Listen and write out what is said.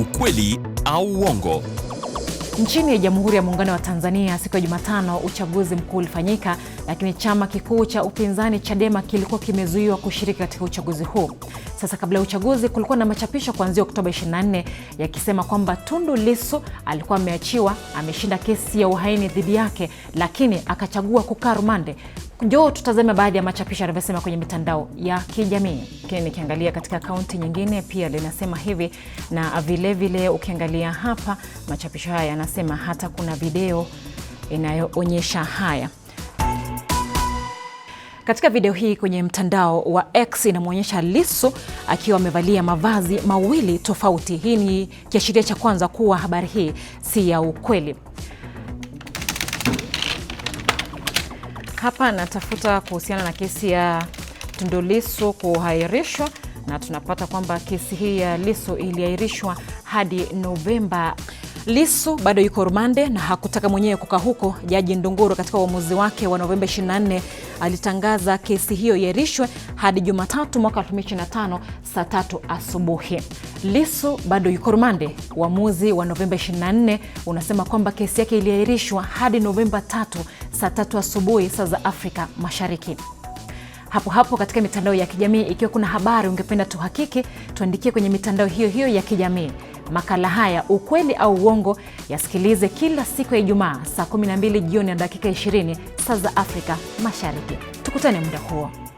Ukweli au uongo. Nchini ya Jamhuri ya Muungano wa Tanzania, siku ya Jumatano uchaguzi mkuu ulifanyika, lakini chama kikuu cha upinzani Chadema kilikuwa kimezuiwa kushiriki katika uchaguzi huu. Sasa kabla ya uchaguzi, kulikuwa na machapisho kuanzia Oktoba 24 yakisema kwamba Tundu lisu alikuwa ameachiwa, ameshinda kesi ya uhaini dhidi yake, lakini akachagua kukaa rumande. Njoo tutazame baadhi ya machapisho yanavyosema kwenye mitandao ya kijamii nikiangalia katika kaunti nyingine pia linasema hivi, na vilevile ukiangalia hapa machapisho haya yanasema hata kuna video inayoonyesha haya. Katika video hii kwenye mtandao wa X inamwonyesha Lissu akiwa amevalia mavazi mawili tofauti. Hii ni kiashiria cha kwanza kuwa habari hii si ya ukweli. Hapa natafuta kuhusiana na kesi ya Tundu Lissu kuhairishwa na tunapata kwamba kesi hii ya Lissu iliahirishwa hadi Novemba. Lissu bado yuko rumande na hakutaka mwenyewe kukaa huko. Jaji Ndunguru katika uamuzi wake wa Novemba 24 alitangaza kesi hiyo iahirishwe hadi Jumatatu mwaka 2025 saa tatu asubuhi. Lissu bado yuko rumande. Uamuzi wa Novemba 24 unasema kwamba kesi yake iliahirishwa hadi Novemba 3 saa tatu asubuhi saa za Afrika Mashariki hapo hapo katika mitandao ya kijamii. Ikiwa kuna habari ungependa tuhakiki, tuandikie kwenye mitandao hiyo hiyo ya kijamii. Makala haya ukweli au uongo yasikilize kila siku ya Ijumaa saa 12 jioni na dakika 20 saa za Afrika Mashariki. Tukutane muda huo.